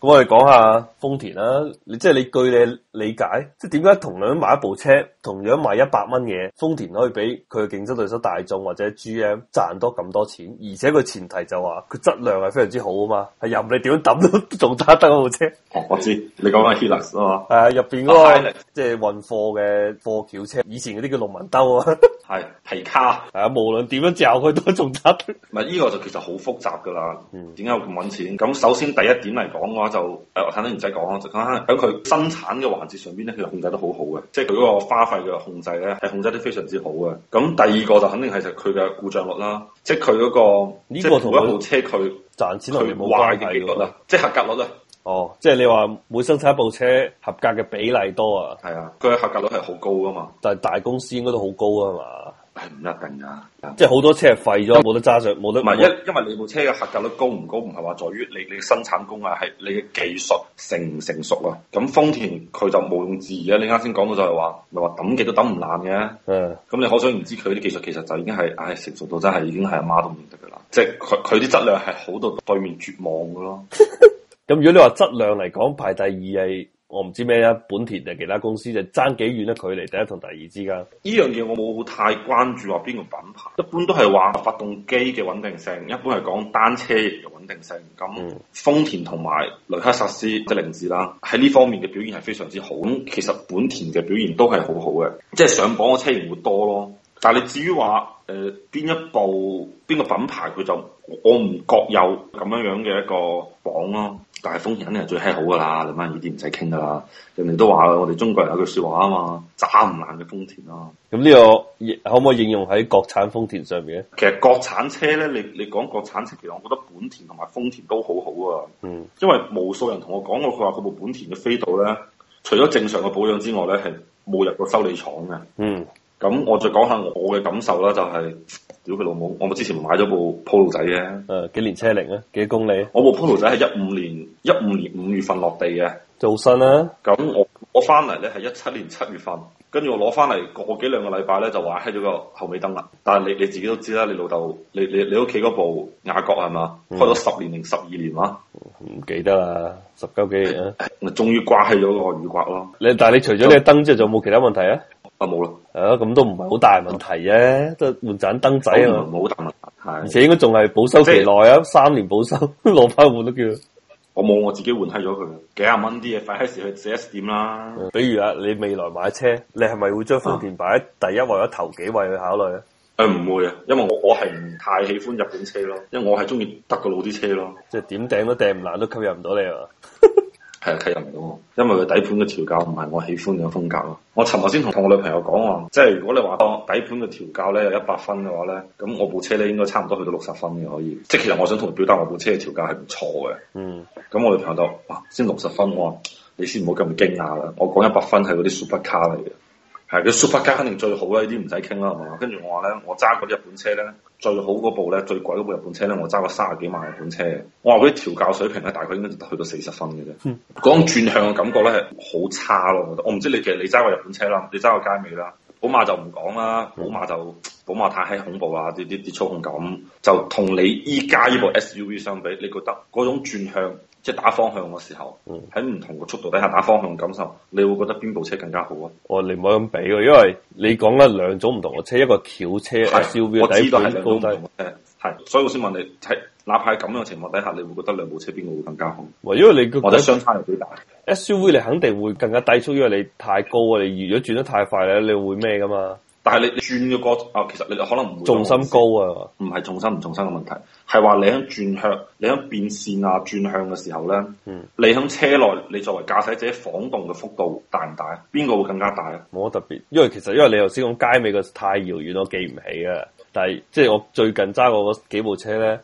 咁我哋講下豐田啦，你即係你據你理解，即係點解同樣買一部車，同樣賣一百蚊嘢，豐田可以俾佢嘅競爭對手大眾或者 GM 賺多咁多錢？而且佢前提就話佢質量係非常之好啊嘛，係任你點抌都仲打得嗰部車。哦、我知，你講緊 Hilux、哦啊嘛，誒入邊嗰個、哦、即係運貨嘅貨轎車，以前嗰啲叫農民兜啊，係皮卡，係、啊、無論樣點樣嚼佢都仲揸得。唔係呢個就其實好複雜噶啦，點解會咁搵錢？咁、嗯、首先第一點嚟講嘅話。就誒，肯定唔使講，就講喺佢生產嘅環節上邊咧，佢控制得好好嘅，即係佢嗰個花費嘅控制咧，係控制得非常之好嘅。咁第二個就肯定係就佢嘅故障率啦，即係佢嗰個，呢個同一部車佢賺錢同你冇關係咯，啊、即係合格率啊。哦，即係你話每生產一部車合格嘅比例多啊？係啊，佢嘅合格率係好高噶嘛？但係大公司應該都好高啊嘛？係唔一定噶，即係好多車廢咗，冇為得揸上，冇不得。唔係，因因為你部車嘅合格率高唔高，唔係話在於你你嘅生產工藝，係你嘅技術成唔成熟咯。咁豐田佢就毋庸置疑嘅，你啱先講到就係、是、話，咪係話抌極都抌唔爛嘅。嗯的。咁你可想而知，佢啲技術其實就已經係，唉、哎，成熟到真係已經係阿媽都唔認得噶啦。即係佢佢啲質量係好到對面絕望噶咯。咁 如果你話質量嚟講，排第二係。我唔知咩啦，本田定係其他公司就爭幾遠咧？距離第一同第二之間，呢樣嘢我冇太關注話邊個品牌，一般都係話發動機嘅穩定性，一般係講單車嘅穩定性。咁豐田同埋雷克薩斯即係凌志啦，喺呢方面嘅表現係非常之好。其實本田嘅表現都係好好嘅，即係上榜嘅車型會多咯。但係你至於話誒邊一部邊個品牌，佢就我唔覺有咁樣樣嘅一個榜咯。但係豐田肯定係最吃好噶啦，兩萬二啲唔使傾噶啦，人哋都話我哋中國人有句說話啊嘛，渣唔爛嘅豐田咯，啊。咁呢個可唔可以應用喺國產豐田上邊咧？其實國產車咧，你你講國產車，其實我覺得本田同埋豐田都好好啊。嗯。因為無數人同我講過，佢話佢部本田嘅飛度咧，除咗正常嘅保養之外咧，係冇入過修理廠嘅。嗯。咁我再講下我嘅感受啦，就是，就係屌佢老母，我之前買咗部 Polo 仔嘅。誒，嗯，幾年車齡咧，啊？幾多公里？我部 Polo 仔係一五年，一五年五月份落地嘅，做好新啦，啊。咁我、嗯、我翻嚟咧係一七年七月份，跟住我攞翻嚟過幾兩個禮拜咧就壞咗個後尾燈啦。但係你你自己都知啦，你老豆你你你屋企嗰部雅閣係嘛？開咗十年定十二年啦？唔、嗯、記得啦，十九幾年啊？我終於掛起咗個雨刮咯。你但係你除咗呢個燈之後就，仲有冇其他問題啊？啊冇咯，係咯，咁都唔係好大問題啫，啊，都換盞燈仔啊，冇大問題，係，而且應該仲係保修期內啊，是三年保修，攞翻換都叫。我冇，我自己換閪咗佢，幾十蚊啲嘢，快啲時去四,四 S 店啦，嗯。比如啊，你未來買車，你係咪會將豐田擺喺第一位或者頭幾位去考慮啊？誒，嗯，唔會啊，因為我我係唔太喜歡日本車咯，因為我係中意德國佬啲車咯，即係點頂都掟唔爛，都吸引唔到你啊。係睇入唔到，因為佢底盤嘅調教唔係我喜歡嘅風格咯。我尋日先同同我女朋友講話，即係如果你話當底盤嘅調教咧有一百分嘅話咧，咁我部車咧應該差唔多去到六十分嘅可以。即係其實我想同佢表達我部車嘅調教係唔錯嘅。嗯，咁我女朋友就哇、啊、先六十分，我話，你先唔好咁驚訝啦。我講一百分係嗰啲 super car 嚟嘅。係，佢 super car 肯定最好啦，呢啲唔使傾啦，係嘛？跟住我話咧，我揸過日本車咧，最好嗰部咧，最貴嗰部日本車咧，我揸過卅幾萬日本車。我話嗰啲調教水平咧，大概應該就去到四十分嘅啫。嗰、嗯、種轉向嘅感覺咧係好差咯，我覺得，我唔知你其實你揸過日本車啦，你揸過佳美啦，寶馬就唔講啦，寶馬就寶馬太閪恐怖啊！啲啲啲操控感就同你依家呢部 SUV 相比，你覺得嗰種轉向？即係打方向嘅時候，喺唔同嘅速度底下打方向感受，你會覺得邊部車更加好啊？哦，你唔好咁比啊，因為你講嘅兩種唔同嘅車，一個轎車對，SUV，我知道係兩種唔同嘅，係對，所以我先問你，係是哪怕咁樣嘅情況底下，你會覺得兩部車邊個會更加好？因為你我覺得我相差有幾大，SUV 你肯定會更加低速，因為你太高啊，你如果轉得太快咧，你會咩㗎嘛？但係你，你轉嘅過，啊、哦，其實你可能唔會重心高啊，唔係重心唔重心嘅問題，係話你喺轉向，你喺變線啊、轉向嘅時候咧，嗯，你喺車內，你作為駕駛者晃動嘅幅度大唔大？邊個會更加大啊？冇乜特別，因為其實因為你頭先講街尾嘅太遙遠，我記唔起啊。但係即係我最近揸過嗰幾部車咧。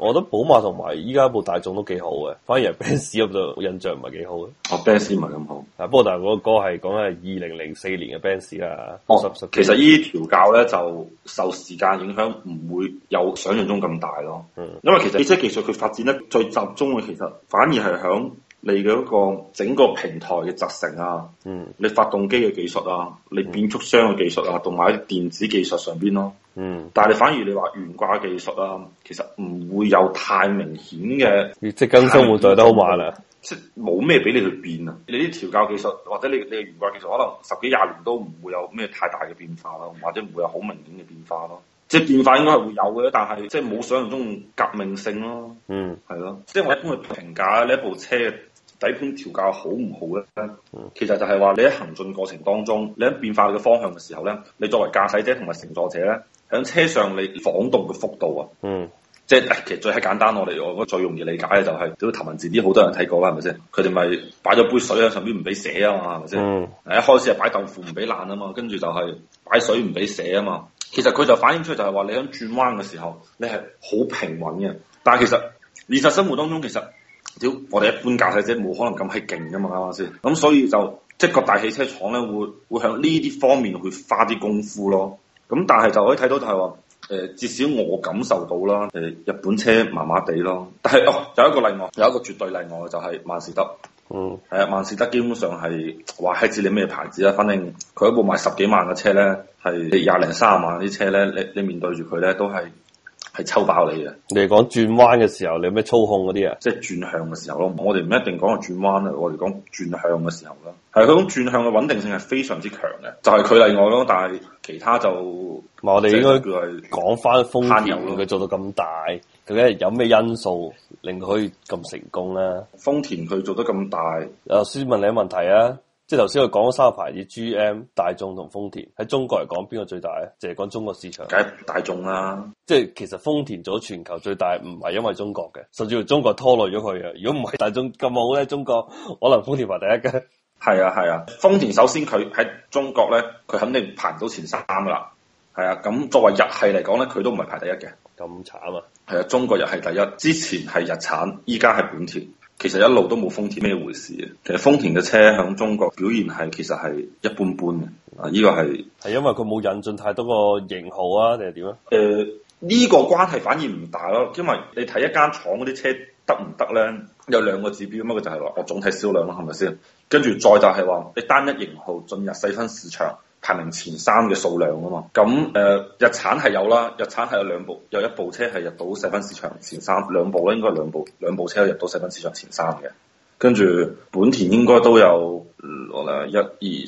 我覺得寶馬同埋依家部大眾都幾好嘅，反而係 Benz 咁就印象唔係幾好哦，Benz 唔係咁好。啊，不過但係嗰個歌係講緊係二零零四年嘅 Benz 啊。哦，其實呢啲調教咧就受時間影響，唔會有想像中咁大咯。嗯，因為其實汽車技術佢發展得最集中嘅，其實反而係響。你嘅嗰個整個平台嘅集成啊，嗯、你發動機嘅技術啊，你變速箱嘅技術啊，同埋啲電子技術上邊咯、啊。嗯，但係你反而你話懸掛技術啊，其實唔會有太明顯嘅，即係更新換代都好慢啦、啊。即係冇咩俾你去變啊！你啲調教技術，或者你你嘅懸掛技術，可能十幾廿年都唔會有咩太大嘅變化咯、啊，或者唔會有好明顯嘅變化咯、啊。即係變化應該係會有嘅，但係即係冇想象中革命性咯、啊。嗯，係咯。即係我一般去評價呢一部車。底盤調教好唔好咧？嗯、其實就係話你喺行進過程當中，你喺變化你嘅方向嘅時候咧，你作為駕駛者同埋乘坐者咧，喺車上你晃動嘅幅度啊、嗯，即係、就是、其實最係簡單我嚟我覺得最容易理解嘅就係、是，頭文字啲好多人睇過啦，係咪先？佢哋咪擺咗杯水喺上邊唔俾寫啊嘛，係咪先？嗯、一開始係擺豆腐唔俾爛啊嘛，跟住就係擺水唔俾寫啊嘛。其實佢就反映出嚟就係話你喺轉彎嘅時候，你係好平穩嘅，但係其實現實生活當中其實。屌，我哋一般駕駛者冇可能咁係勁噶嘛，啱唔啱先？咁所以就即係各大汽車廠咧，會會向呢啲方面去花啲功夫咯。咁但係就可以睇到就係話，誒至少我感受到啦，誒、呃、日本車麻麻地咯。但係哦，有一個例外，有一個絕對例外就係萬事德。嗯，係啊，萬事德基本上係話，哇閪知你咩牌子啊？反正佢一部賣十幾萬嘅車咧，係廿零卅萬啲車咧，你你面對住佢咧都係。係抽爆你嘅！你講轉彎嘅時候，你有咩操控嗰啲啊？即係轉向嘅時候咯。我哋唔一定講係轉彎啦，我哋講轉向嘅時候啦。係佢種轉向嘅穩定性係非常之強嘅，就係、是、佢例外咯。但係其他就，不就是、我哋應該就是、就是、講翻豐田佢做到咁大，究竟係有咩因素令佢可以咁成功咧？豐田佢做得咁大，誒，先問你一個問題啊！即係頭先我講咗三個牌子，以 GM、大眾同豐田喺中國嚟講，邊個最大咧？淨係講中國市場，梗係大眾啦，啊。即係其實豐田做全球，全球最大，唔係因為中國嘅，甚至乎中國拖累咗佢啊。如果唔係大眾咁好咧，中國可能豐田排第一嘅。係啊係啊，豐田首先佢喺中國咧，佢肯定排唔到前三噶啦。係啊，咁作為日系嚟講咧，佢都唔係排第一嘅。咁慘啊！係啊，中國日系第一，之前係日產，依家係本田。其實一路都冇豐田咩回事。其實豐田嘅車喺中國表現係其實係一般般嘅，啊、這、呢個係係因為佢冇引進太多個型號啊，定係點啊？誒、呃、呢、這個關係反而唔大咯，因為你睇一間廠嗰啲車得唔得咧？有兩個指標乜，就係、是、話我總體銷量咯，係咪先？跟住再就係話你單一型號進入細分市場。排名前三嘅數量啊嘛，咁誒、呃、日產係有啦，日產係有兩部，有一部車係入到細分市場前三，兩部咧應該係兩部兩部車入到細分市場前三嘅。跟住本田應該都有，誒一二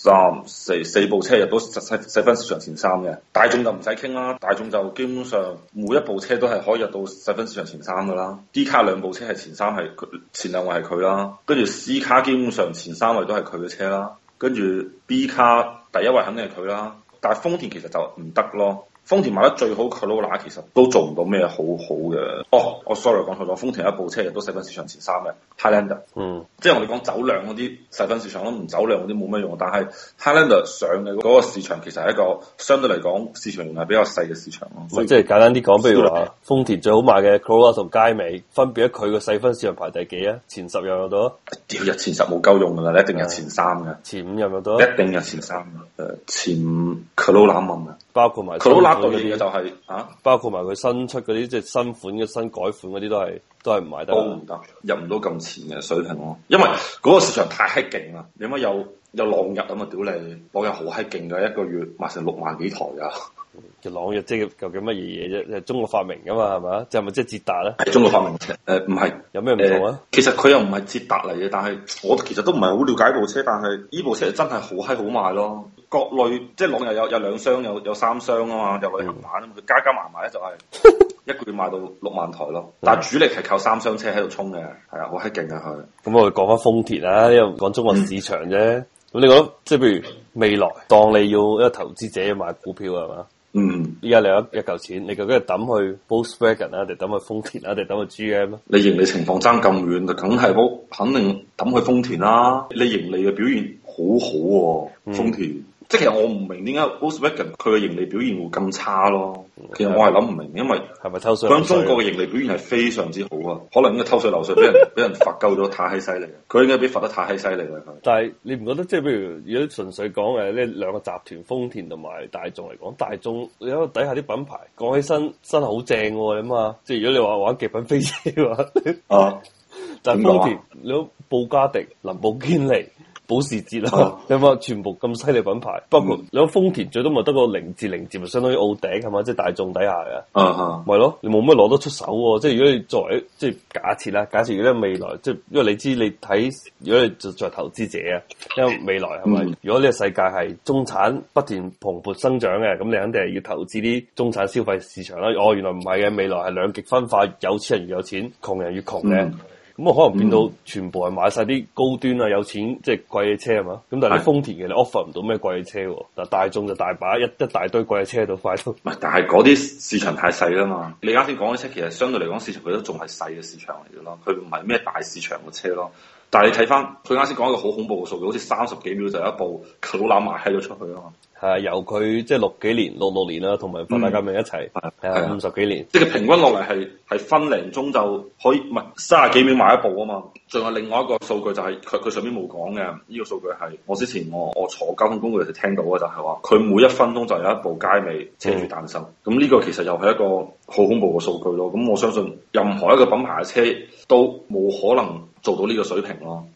三四四部車入到細細分市場前三嘅。大眾就唔使傾啦，大眾就基本上每一部車都係可以入到細分市場前三㗎啦。D 卡兩部車係前三係前兩位係佢啦，跟住 C 卡基本上前三位都係佢嘅車啦，跟住 B 卡。第一位肯定係佢啦，但係豐田其實就唔得咯。豐田賣得最好 Corolla 其實都做唔到咩好好嘅哦，我、oh, sorry 講錯咗，豐田一部車都細分市場前三嘅 Highlander 嗯，即係我哋講走量嗰啲細分市場都唔走量嗰啲冇乜用，但係 Highlander 上嘅嗰個市場其實係一個相對嚟講市場係比較細嘅市場咯，所以即係簡單啲講，譬如話豐田最好賣嘅 Corolla 同佳美分別喺佢個細分市場排第幾啊？前十有到，屌入前十冇夠用噶啦，一定入前三嘅，前五有多？一定入前三嘅，誒前五 Corolla 問噶。嗯包括埋佢好拉到嘢就係、是、吓，啊、包括埋佢新出嗰啲即係新款嘅新改款嗰啲都係都係唔賣得，入唔到咁前嘅水平咯。因為嗰個市場太閪勁啦，點解有有朗逸啊？嘛屌你，朗逸好閪勁嘅一個月賣成六萬幾台噶。嘅 朗逸，即係究竟乜嘢嘢啫？就是、中國發明噶嘛？係咪？即係咪即係捷達咧？係中國發明嘅。誒、呃，唔係，有咩唔同啊？呃、其實佢又唔係捷達嚟嘅，但係我其實都唔係好了解部車，但係呢部車真係好嗨好賣咯。各類即係朗日有有兩箱有有三箱啊嘛，有佢盒板，佢、嗯、加加埋埋咧就係一個月賣到六萬台咯。 但係主力係靠三箱車喺度衝嘅，係啊好閪勁啊佢。咁、嗯、我哋講翻豐田啦，啊，因為講中國市場啫。咁、嗯、你覺得，即係譬如未來，當你要一個投資者買股票係嘛？嗯，依家你有一嚿錢，你究竟抌去 Boswell 啊，定抌去豐田啊，定抌去 GM？、啊、你盈利情況爭咁遠，就梗係好肯定抌去豐田啦、啊。你盈利嘅表現。好好、啊、喎，豐、嗯、田，即係其實我唔明點解 Volkswagen 佢嘅盈利表現會咁差咯。其實我係諗唔明，因為，係咪偷稅漏稅？咁，豐田嘅盈利表現係非常之好啊，可能咁嘅偷稅漏稅俾人俾 人罰鳩咗，太閪犀利。佢應該俾罰得太閪犀利啦。但係你唔覺得，即係譬如如果純粹講誒呢兩個集團，豐田同埋大眾嚟講，大眾你睇下底下啲品牌，講起身真係好正嘅、啊、喎，你嘛？即係如果你話玩極品飛車嘅話，啊，就豐 但 何田，你講布加迪、林寶堅尼。 保時捷啊，有冇？全部咁犀利品牌，包括、嗯、你講豐田，最多咪得個零至零至，咪相當於奧迪係嘛，即係、就是、大眾底下嘅，嗯嗯、啊，咪、啊、咯，冇乜攞得出手喎、啊。即係如果你作為，即係假設啦，假設如果未來，即係因為你知你睇，如果你作為投資者啊，因為未來係咪？是是嗯、如果呢個世界係中產不斷蓬勃生長嘅，咁你肯定係要投資啲中產消費市場啦。哦，原來唔係嘅，未來係兩極分化，有錢人越有錢，窮人越窮嘅。窮咁啊，可能變到全部係買晒啲高端啊，有錢即係貴嘅車係嘛？咁但係你豐田嘅是你 offer 唔到咩貴嘅車喎，但大眾就大把一一大堆貴嘅車喺度快速。唔係，但係嗰啲市場太細啦嘛。你啱先講嘅車其實相對嚟講，市場佢都仲係細嘅市場嚟嘅咯，佢唔係咩大市場嘅車咯。但係你睇翻，佢啱先講一個好恐怖嘅數據，好似三十幾秒就有一部老闆埋閪咗出去啊嘛。係啊，由佢即係六幾年、六六年啦，同埋分家街尾一齊，係五十幾年。即係佢平均落嚟係係分零鐘就可以，唔係三十幾秒賣一部啊嘛。仲有另外一個數據就係佢佢上面冇講嘅，呢、這個數據係我之前我我坐交通工具就聽到嘅，就係話佢每一分鐘就有一部街尾車主誕生。咁呢、嗯、個其實又係一個。好恐怖嘅數據咯，咁我相信任何一個品牌嘅車都冇可能做到呢個水平咯。